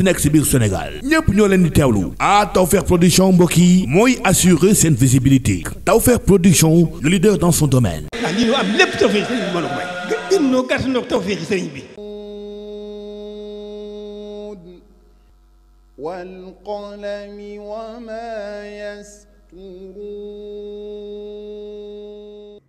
mënti nekk si biir Sénégal ñëpp ñoo leen di teewlu ah Tawfekh production mbokk yi mooy assurer seen visibilité Tawfekh production le leader dans son domaine. ah lii ñu am lépp Tawfekh sëriñ bi mën a may. gën noo gàtt noo Tawfekh sëriñ bi. wal qalami wa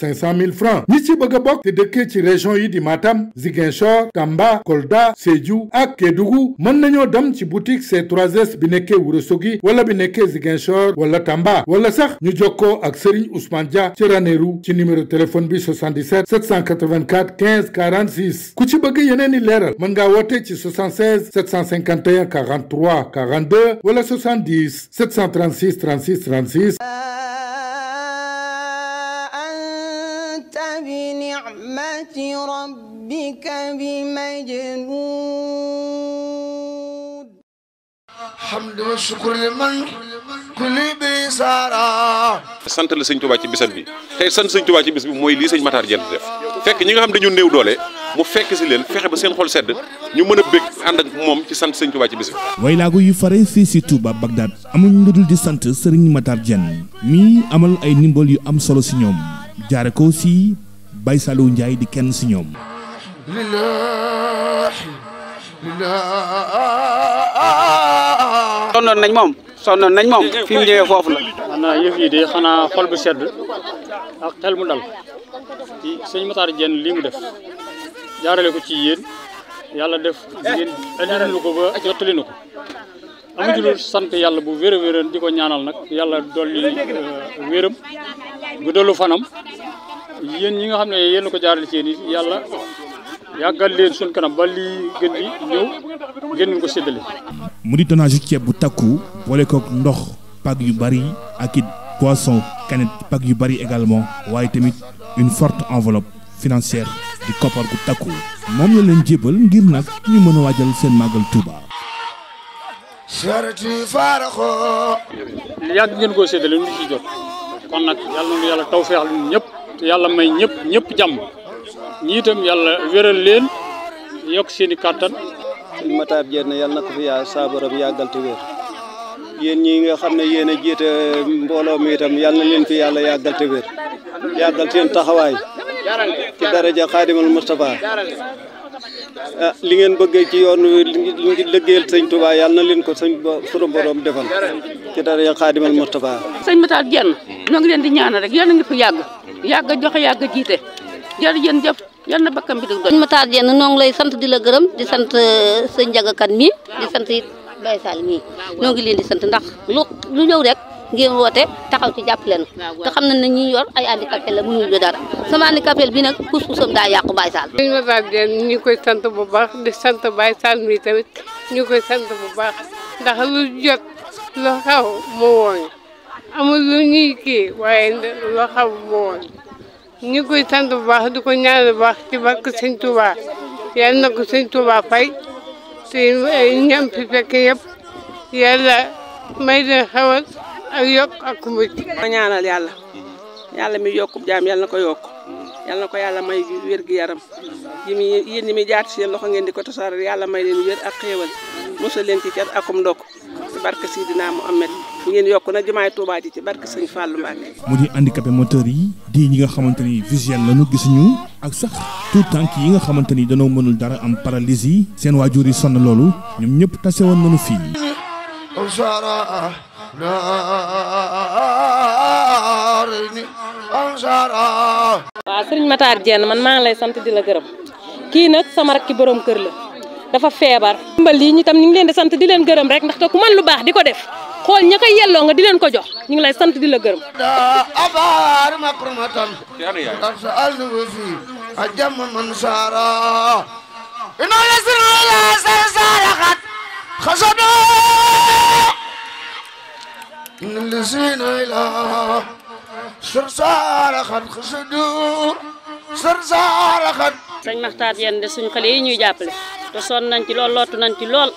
500 mille francs ñi ci bëgg bokk te dëkkee ci région yi di Matam Ziguinchor Tamba Kolda Sédhiou ak Kédougou mën nañoo dem ci boutique C3S bi nekkee Ourossogui wala bi nekkee Ziguinchor wala Tamba wala sax ñu jokkoo ak Serigne Ousmane Dia ci Ranérou ci numéro téléphone bi 77 784 15 46 ku ci bëgg yeneen i leeral mën ngaa woote ci 76 751 43 42 wala 70 736 36 36. بنعمة ربك بمجنون حمد والشكر لمن sant la sëñ Touba ci bisam bi tey sant sëñ Touba ci bis bi mooy lii sëñ Matar Dieng def fekk ñi nga xam dañu néew doole mu fekk si leen fexe ba seen xol sedd ñu mën a bég ànd ak moom ci sant sëñ Touba ci bis bi. way yu fare fii si Touba Bagdad amuñ lu dul di sant Serigne Matar Dieng mii amal ay ndimbal yu am solo si ñoom. jaare ko aussi Baye Saliou Ndiaye di kenn si ñoom sonnoon nañ moom sonnoon nañ moom fi mu ñëwee foofu la xanaa yëf yi de xanaa xol bu sedd ak xel mu dal ci sëñ Matar Diène lii mu def jaarale ko ci yéen yàlla def ngeen andil ko ba jottali nu ko amuñu lu sant yàlla bu wér a di ko ñaanal nag yàlla dolli euh, wéram bu dollu fanam yéen ñi nga xam ne yéen a ko jaarale ci yàlla yàggal leen suñ kanam ba lii gën di ñëw ngeen ko séddale. mu di tonnage ceeb bu takku boole koog ndox pag yu bari ak it poisson canette pag yu bari également waaye tamit une forte enveloppe financière di koppar gu takku moom la leen jébal ngir nag ñu mën a waajal seen màggal Touba. yàgg ngeen ko séddale nu ci jot kon nag yàlla na yàlla taw feexal ñun ñëpp. yàlla may ñëpp ñëpp jàmm ñi itam yàlla wéral leen yokk seen kàttan sëñ Matar Diène yàlla na ko fi yaa saa borom yàggal te wér ñi nga xam ne yéen a jiite mbooloo mi itam yàlla na leen fi yàlla yàggal te wér yàggal seen taxawaay ci daraja xaadimal Moustapha ah li ngeen bëggee ci yoon wi li liggéeyal yàlla na leen ko sëñ sunu borom defal ci daraja xaadimal Moustapha. sëñ Matar Diène ñoo ngi leen di ñaanal rek yàlla na nga yàgg. yàgg a joxe yàgg a jiite jërëjëf jëf yal na bakkam bi dëgg doon. sëñ Matar Dieng noo ngi lay sant di la gërëm di sant euh, sëñ Ndiaga Kane mii di sant it Baye Sall mii noo ngi leen di sant ndax lu lu ñëw rek ngeen woote taxaw ci jàpp leen te xam na ne ñi yor ay handicapé la mënuñu dara sama handicapé bi nag pousse-poussam daa yàqu Baye Sall. sëñ ngi koy sant bu baax di sant Baye Sall mii tamit ñu koy sant bu baax ndax lu jot lu xaw mu wooñu amul lu ñuy waaye loo xam woon ñu koy sant bu baax di ko ñaanal bu baax ci barke sëñ Touba yàlla na ko sëñ fay te ñam fi fekk yëpp yàlla may leen xewal ak yokk ak mujj. ma yàlla yàlla mi yokku jaam yàlla na ko yokk yàlla na ko yàlla may wér gi yaram yi muy yéen ñi muy jaar ci seen loxo ngeen di ko tasaare yàlla may leen wér ak xéewal mosal leen ci cat akum ndokk ci barke Sidina Muhammad ngeen yokk nag jumaay Touba ji ci barke Sëñ Fallou Mbacké mu yi di ñi nga xamante ni visuel lañu gisuñu ak sax tout tànk yi nga xamante ni dañoo mënul dara am paralysie seen waajur yi sonn loolu ñoom ñëpp tase woon nañu fii waaw sëriñ Matar Diène man maa ngi lay sant di la gërëm kii nag sama rakki boroom kër la dafa feebar. dimbal yi ñu tam ñu ngi leen di sant di leen gërëm rek ndaxte ku man lu baax di ko def xool ña koy yelloo nga di leen ko jox ñu ngi sant di la gërëm abaar makrumatan qad sa'alnahu fi ajam man sara ina yasra la sarsalakat khasadu إن الذين إلى سرسار خد خسدور سرسار خد. sëñ Maxtaar yenn de suñu xale yi ñuy jàppale te sonn nañ ci lool lootu nañ ci lool.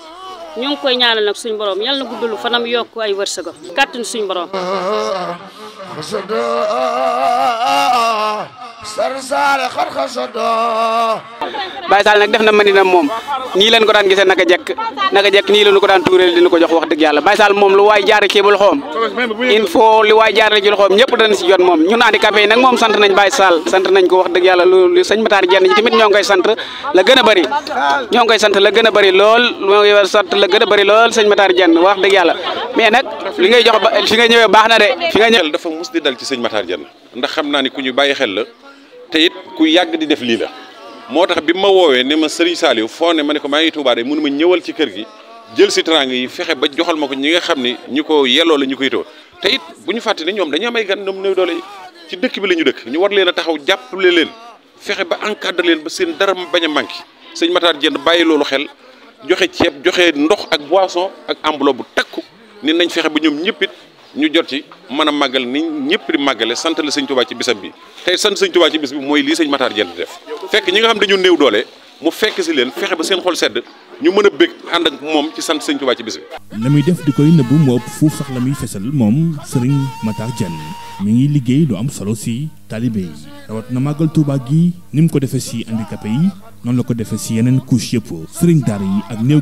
ñu ngi koy ñaanal nag suñ boroom yal na guddul fanam yokk ay wërsëgam kàttan suñ borom. sarsaare xar xasada Baye Sall nag def na Madina moom nii leen ko daan gisee naka jekk naka nii leen ko daan tuureel dina ko jox wax dëgg yàlla Baye Sall moom lu waay jaare cebul xoom il faut lu waay jaare jul xoom ñëpp dañ si jot moom ñun handicapé yi nag moom sant nañ Baye sant nañ ko wax dëgg yàlla lu sëñ Matar jenn tamit ñoo ngi sant la gën a bëri ñoo koy sant la gën a bëri lool ñoo ngi sant la gën a bari lool sëñ Matar jenn wax dëgg yàlla mais nag li ngay jox fi nga ñëwee baax na de fi nga ñëw dafa mus di dal ci sëñ xam naa ni ku ñu bàyyi xel la te it ku yàgg di def lii la moo tax bi ma woowee ne ma Serigne Saliou foo ne ma ne ko maa ngi Touba de mënu ma ñëwal ci kër gi jël si teraanga yi fexe ba joxal ma ko ñi nga xam ne ñu ko yelloo la ñu koy too te it bu ñu fàtte ne ñoom dañu am gan ñoom néew doole yi ci dëkk bi la ñu dëkk ñu war leen a taxaw jàppale leen fexe ba encadré leen ba seen dara bañ a manqué sëñ Matar Dieng bàyyi loolu xel joxe ceeb joxe ndox ak boisson ak enveloppe bu takku ni nañ fexe ba ñoom ñëpp it ñu jot ci mën a màggal ni ñëpp di màggale sant la sëñ Tuubaa ci bisam bi tey sant sëñ Tuubaa ci bis bi mooy lii sëñ Matar Dieng def fekk ñi nga xam dañu néew doole mu fekk si leen fexe ba seen xol sedd ñu mën a bég ànd ak moom ci sant sëñ Tuubaa ci bis bi. la muy def di koy nëbbu moo ëpp fuuf sax la muy fesal moom sëriñ Matar Dieng mi ngi liggéey lu am solo si taalibe yi rawat na màggal Tuubaa gi ni mu ko defee si handicapé yi noonu la ko defee si yeneen couche yëpp sëriñ daara yi ak néew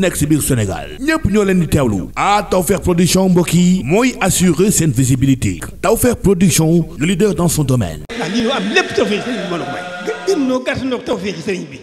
nekk si biir Sénégal ñépp ñoo leen di teewlu ah Tawfekh production mbokk yi mooy assurer seen visibilité Tawfekh production le leader dans son domaine. Ah, am lépp Tawfekh sëriñ bi.